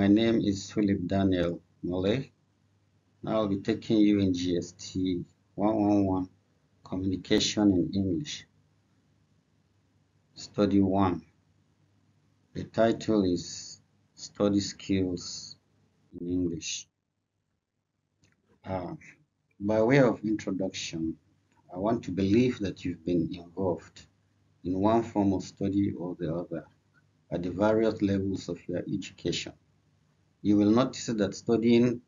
My name is Philip Daniel Mole. I'll be taking you in GST 111 Communication in English. Study 1. The title is Study Skills in English. Uh, by way of introduction, I want to believe that you've been involved in one form of study or the other at the various levels of your education you will notice that studying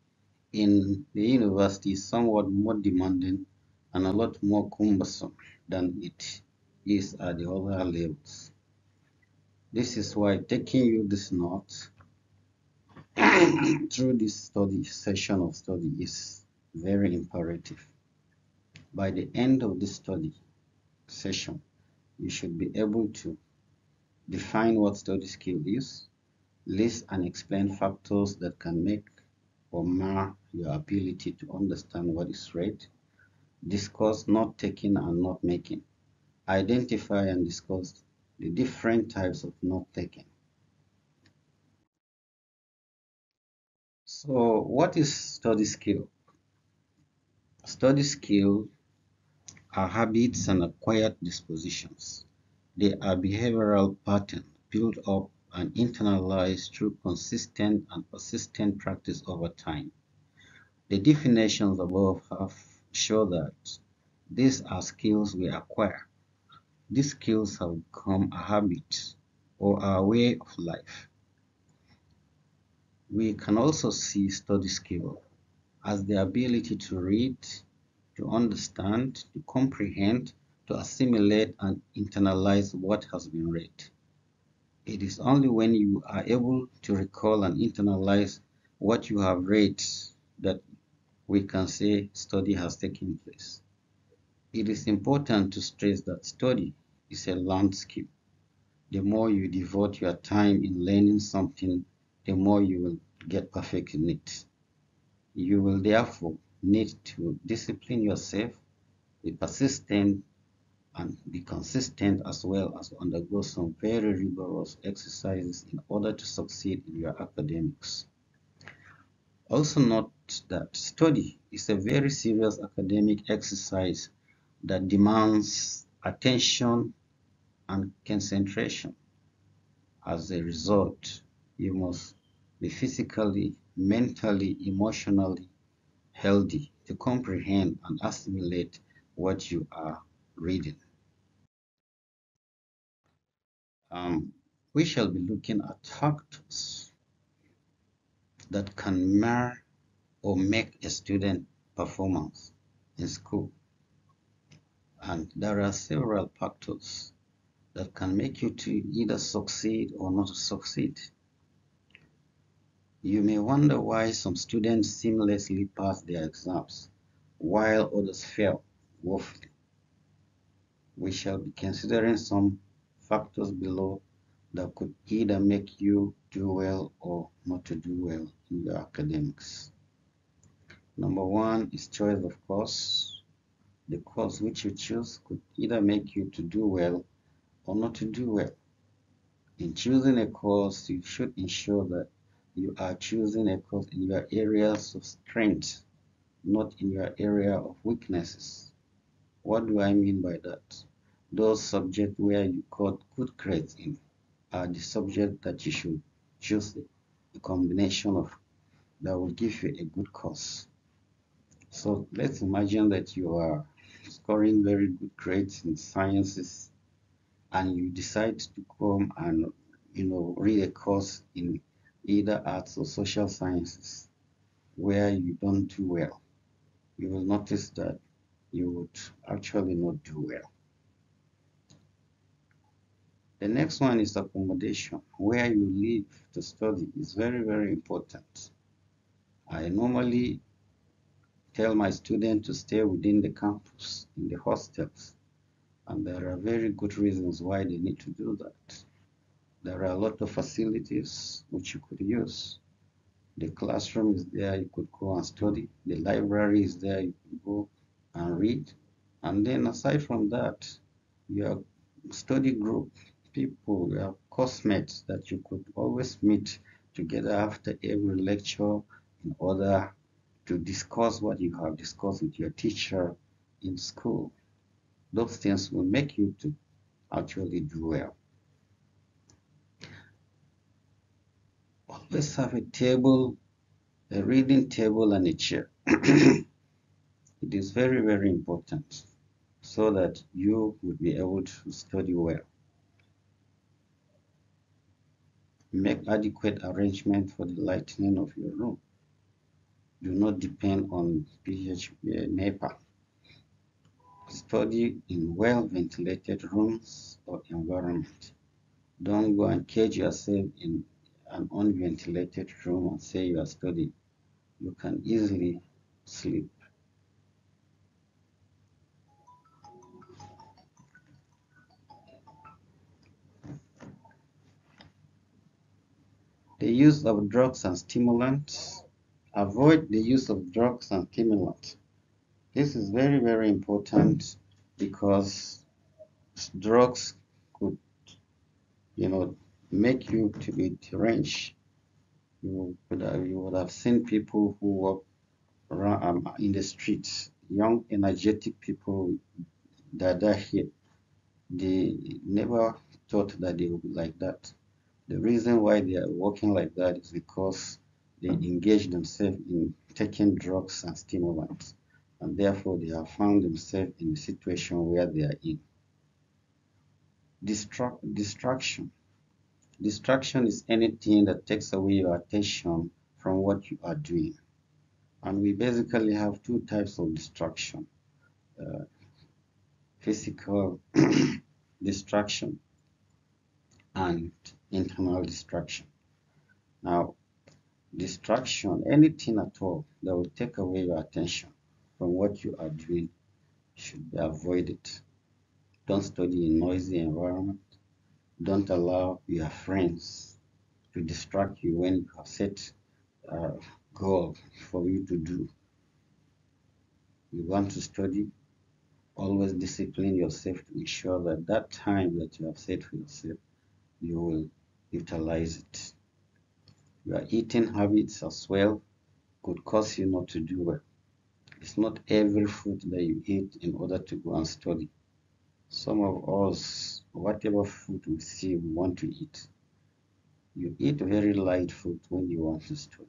in the university is somewhat more demanding and a lot more cumbersome than it is at the other levels. This is why taking you this note through this study session of study is very imperative. By the end of this study session, you should be able to define what study skill is, List and explain factors that can make or mar your ability to understand what is read. Discuss not taking and not making. Identify and discuss the different types of note taking. So what is study skill? Study skill are habits and acquired dispositions. They are behavioral patterns built up and internalized through consistent and persistent practice over time. The definitions above have show that these are skills we acquire. These skills have become a habit or a way of life. We can also see study skill as the ability to read, to understand, to comprehend, to assimilate and internalize what has been read. It is only when you are able to recall and internalize what you have read that we can say study has taken place. It is important to stress that study is a landscape. The more you devote your time in learning something, the more you will get perfect in it. You will therefore need to discipline yourself, be persistent, and be consistent as well as undergo some very rigorous exercises in order to succeed in your academics. Also note that study is a very serious academic exercise that demands attention and concentration. As a result, you must be physically, mentally, emotionally healthy to comprehend and assimilate what you are reading. Um, we shall be looking at factors that can mar or make a student performance in school. And there are several factors that can make you to either succeed or not succeed. You may wonder why some students seamlessly pass their exams while others fail woefully we shall be considering some factors below that could either make you do well or not to do well in your academics. Number one is choice of course. The course which you choose could either make you to do well or not to do well. In choosing a course, you should ensure that you are choosing a course in your areas of strength, not in your area of weaknesses. What do I mean by that? those subjects where you got good grades in are the subjects that you should choose a combination of that will give you a good course. So let's imagine that you are scoring very good grades in sciences and you decide to come and you know read a course in either arts or social sciences where you don't do well. You will notice that you would actually not do well. The next one is accommodation. Where you live to study is very, very important. I normally tell my students to stay within the campus, in the hostels. And there are very good reasons why they need to do that. There are a lot of facilities which you could use. The classroom is there, you could go and study. The library is there, you could go and read. And then aside from that, your study group people, you uh, have classmates that you could always meet together after every lecture in order to discuss what you have discussed with your teacher in school. Those things will make you to actually do well. Always have a table, a reading table and a chair. it is very, very important so that you would be able to study well. Make adequate arrangement for the lighting of your room. Do not depend on PHP uh, NEPA. Study in well-ventilated rooms or environment. Don't go and cage yourself in an unventilated room and say you are studying. You can easily sleep. the use of drugs and stimulants. Avoid the use of drugs and stimulants. This is very, very important because drugs could, you know, make you to be deranged. You would have, you would have seen people who walk around, um, in the streets, young, energetic people that are here. They never thought that they would be like that. The reason why they are working like that is because they engage themselves in taking drugs and stimulants, and therefore they have found themselves in a situation where they are in. Distra distraction. Distraction is anything that takes away your attention from what you are doing. And we basically have two types of distraction. Uh, physical distraction and internal destruction. Now, distraction, anything at all that will take away your attention from what you are doing should be avoided. Don't study in noisy environment. Don't allow your friends to distract you when you have set a goal for you to do. You want to study, always discipline yourself to ensure that that time that you have set for yourself, you will utilize it. Your eating habits as well could cause you not to do well. It's not every food that you eat in order to go and study. Some of us, whatever food we see, we want to eat. You eat very light food when you want to study.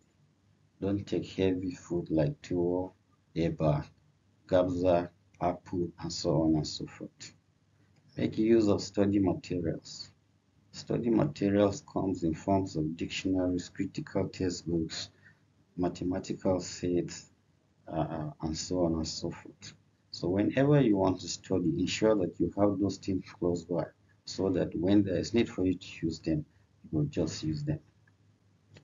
Don't take heavy food like tuwo, eba, gabza, apu, and so on and so forth. Make use of study materials Study materials comes in forms of dictionaries, critical textbooks, mathematical sets, uh, uh, and so on and so forth. So whenever you want to study, ensure that you have those things close by so that when there is need for you to use them, you will just use them.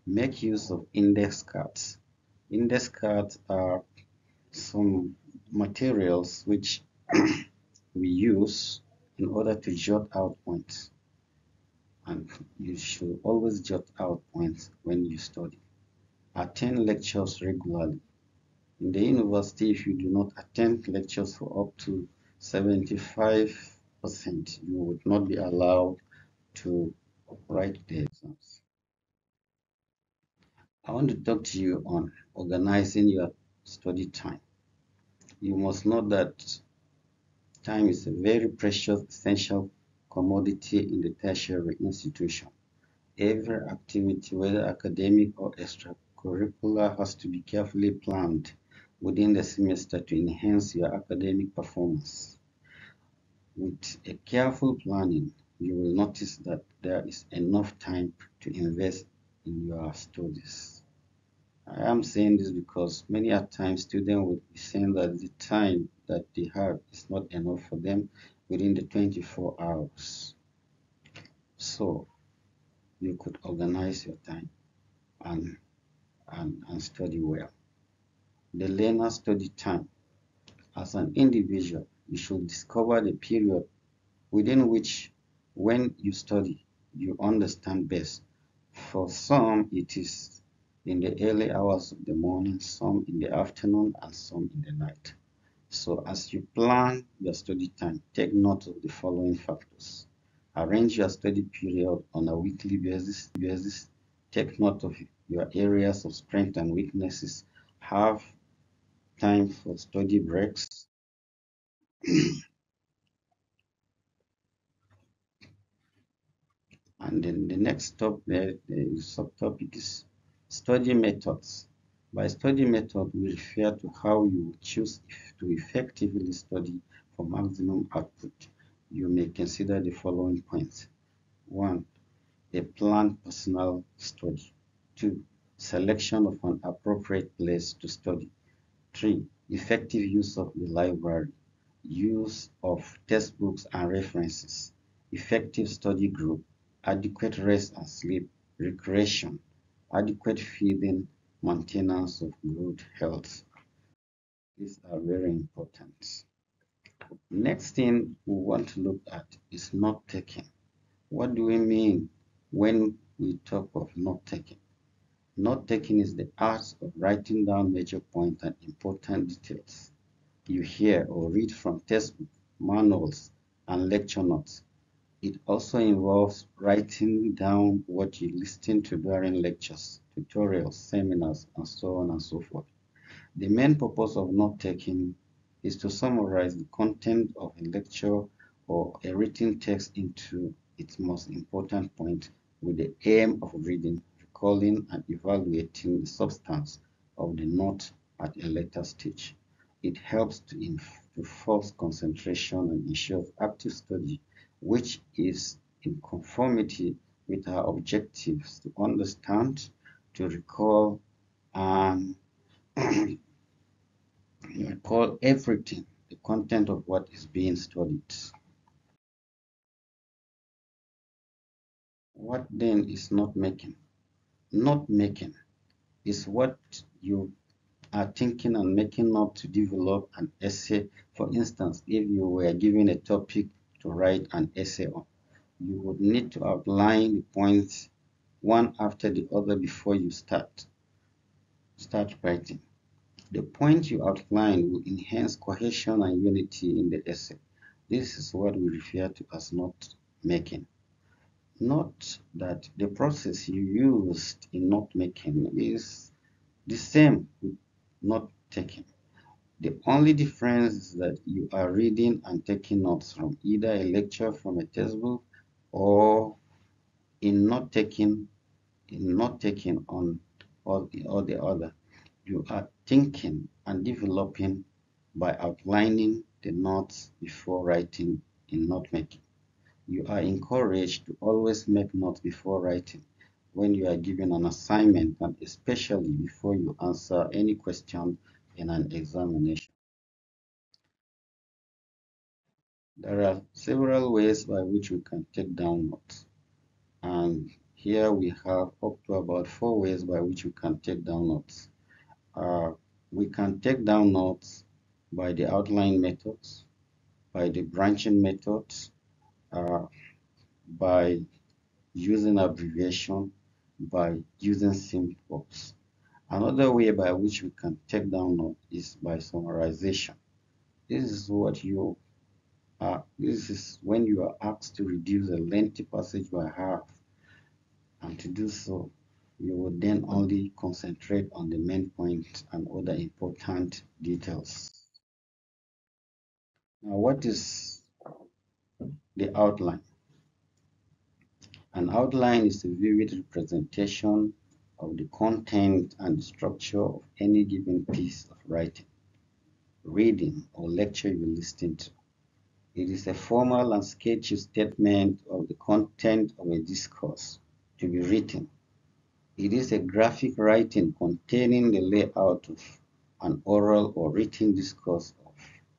Make use of index cards. Index cards are some materials which we use in order to jot out points and you should always jot out points when you study. Attend lectures regularly. In the university, if you do not attend lectures for up to 75%, you would not be allowed to write the exams. I want to talk to you on organizing your study time. You must know that time is a very precious, essential commodity in the tertiary institution. Every activity, whether academic or extracurricular, has to be carefully planned within the semester to enhance your academic performance. With a careful planning, you will notice that there is enough time to invest in your studies. I am saying this because many a times students would be saying that the time that they have is not enough for them within the 24 hours. So you could organize your time and, and, and study well. The learner study time. As an individual, you should discover the period within which when you study, you understand best. For some, it is in the early hours of the morning, some in the afternoon, and some in the night. So as you plan your study time, take note of the following factors. Arrange your study period on a weekly basis. basis. Take note of your areas of strength and weaknesses. Have time for study breaks. and then the next top, uh, the subtopic is study methods. By study method, we refer to how you choose to effectively study for maximum output. You may consider the following points. 1. A planned personal study. 2. Selection of an appropriate place to study. 3. Effective use of the library. Use of textbooks and references. Effective study group. Adequate rest and sleep. Recreation. Adequate feeding maintenance of good health. These are very important. Next thing we want to look at is not taking. What do we mean when we talk of not taking? Not taking is the art of writing down major points and important details you hear or read from textbooks, manuals, and lecture notes it also involves writing down what you listen to during lectures, tutorials, seminars, and so on and so forth. The main purpose of note taking is to summarize the content of a lecture or a written text into its most important point with the aim of reading, recalling, and evaluating the substance of the note at a later stage. It helps to, enforce concentration and ensure active study which is in conformity with our objectives to understand, to recall, and recall everything, the content of what is being studied. What then is not making? Not making is what you are thinking and making up to develop an essay. For instance, if you were given a topic to write an essay on. You would need to outline the points one after the other before you start start writing. The points you outline will enhance cohesion and unity in the essay. This is what we refer to as note making. Note that the process you used in note making is the same with note taking. The only difference is that you are reading and taking notes from either a lecture from a textbook or in not taking in not taking on or the, all the other. You are thinking and developing by outlining the notes before writing in note making. You are encouraged to always make notes before writing when you are given an assignment and especially before you answer any question in an examination. There are several ways by which we can take down notes. And here we have up to about four ways by which we can take down notes. Uh, we can take down notes by the outline methods, by the branching methods, uh, by using abbreviation, by using symbols. Another way by which we can take down notes is by summarization. This is what you are, this is when you are asked to reduce a lengthy passage by half. And to do so, you would then only concentrate on the main point and other important details. Now, what is the outline? An outline is a vivid representation of the content and structure of any given piece of writing, reading, or lecture you listen to. It is a formal and sketchy statement of the content of a discourse to be written. It is a graphic writing containing the layout of an oral or written discourse of,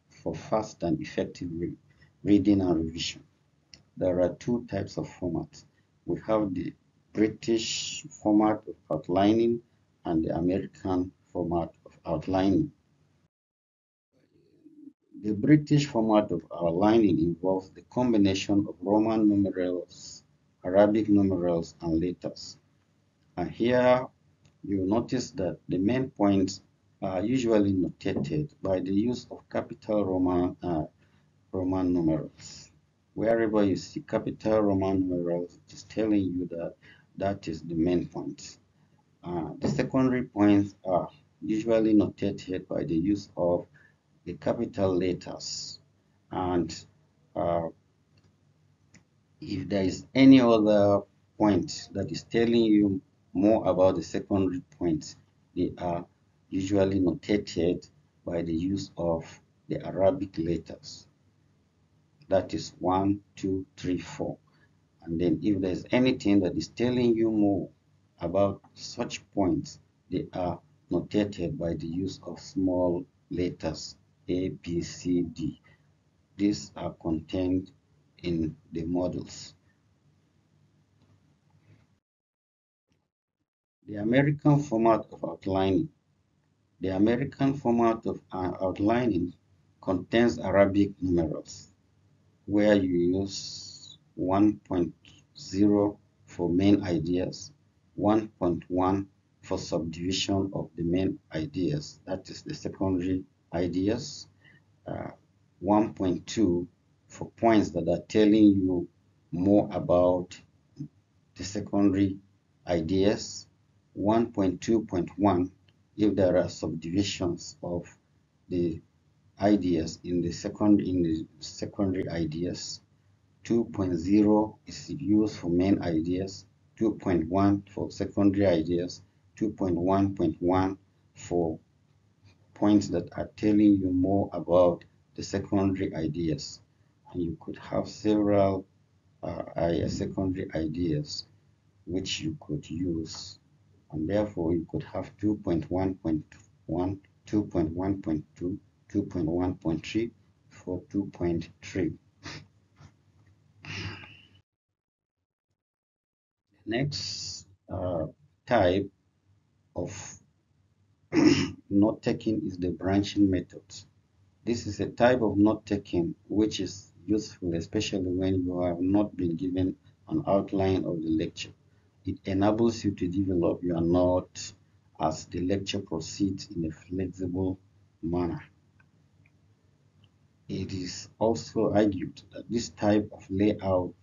for fast and effective re reading and revision. There are two types of formats. We have the British format of outlining and the American format of outlining. The British format of outlining involves the combination of Roman numerals, Arabic numerals, and letters. And here you notice that the main points are usually notated by the use of capital Roman, uh, Roman numerals. Wherever you see capital Roman numerals, it is telling you that that is the main point. Uh, the secondary points are usually notated by the use of the capital letters and uh, if there is any other point that is telling you more about the secondary points they are usually notated by the use of the Arabic letters that is one two three four and then if there's anything that is telling you more about such points they are notated by the use of small letters a b c d these are contained in the models the american format of outlining the american format of uh, outlining contains arabic numerals where you use 1.0 for main ideas, 1.1 for subdivision of the main ideas, that is the secondary ideas, uh, 1.2 for points that are telling you more about the secondary ideas, 1.2.1 if there are subdivisions of the ideas in the second in the secondary ideas 2.0 is used for main ideas, 2.1 for secondary ideas, 2.1.1 for points that are telling you more about the secondary ideas. And you could have several uh, secondary ideas which you could use. And therefore, you could have 2.1.1, 2.1.2, 2.1.3 for 2.3. next uh, type of note taking is the branching method. This is a type of note taking which is useful especially when you have not been given an outline of the lecture. It enables you to develop your note as the lecture proceeds in a flexible manner. It is also argued that this type of layout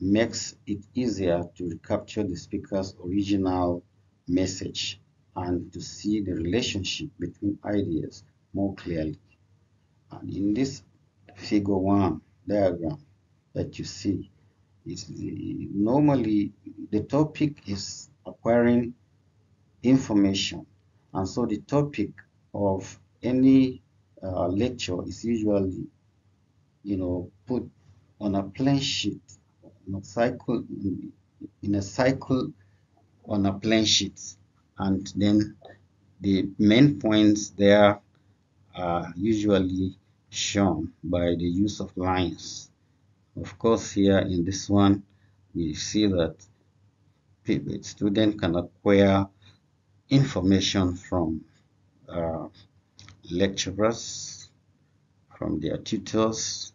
makes it easier to recapture the speaker's original message and to see the relationship between ideas more clearly. And in this figure 1 diagram that you see, is normally the topic is acquiring information and so the topic of any uh, lecture is usually you know put on a plain sheet in a cycle in a cycle on a plane sheet and then the main points there are usually shown by the use of lines of course here in this one we see that student can acquire information from uh, lecturers from their tutors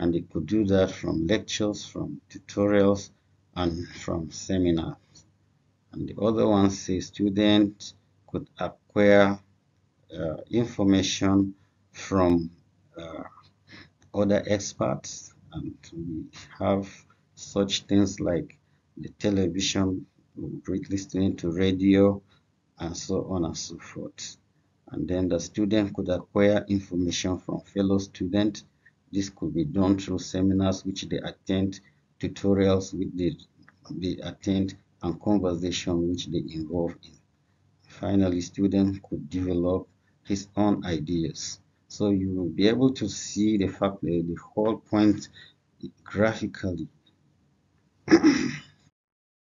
and you could do that from lectures from tutorials and from seminars and the other one says students could acquire uh, information from uh, other experts and we have such things like the television listening to radio and so on and so forth and then the student could acquire information from fellow students this could be done through seminars which they attend, tutorials which they, they attend, and conversation which they involve in. Finally, students could develop his own ideas. So you will be able to see the fact the whole point graphically.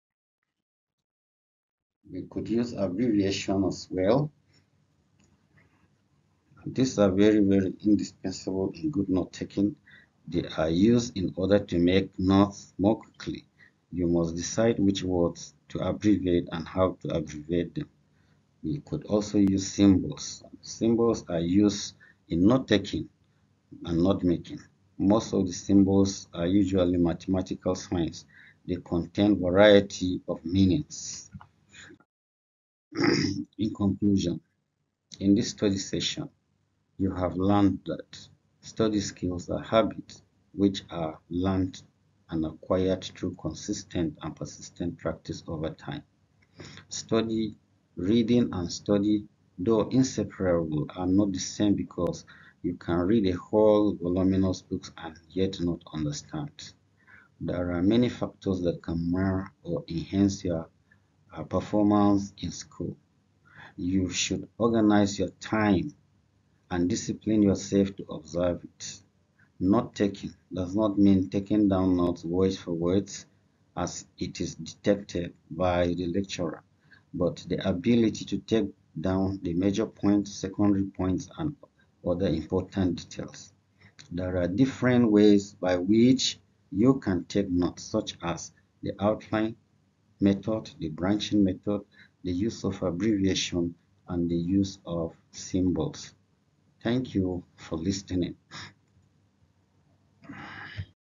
we could use abbreviation as well these are very, very indispensable in good note taking. They are used in order to make notes more quickly. You must decide which words to abbreviate and how to abbreviate them. You could also use symbols. Symbols are used in note taking and note making. Most of the symbols are usually mathematical signs. They contain variety of meanings. in conclusion, in this study session, you have learned that study skills are habits which are learned and acquired through consistent and persistent practice over time. Study, reading and study, though inseparable, are not the same because you can read a whole voluminous book and yet not understand. There are many factors that can mar or enhance your uh, performance in school. You should organize your time and discipline yourself to observe it. Note taking does not mean taking down notes word for word as it is detected by the lecturer, but the ability to take down the major points, secondary points, and other important details. There are different ways by which you can take notes, such as the outline method, the branching method, the use of abbreviation, and the use of symbols. Thank you for listening.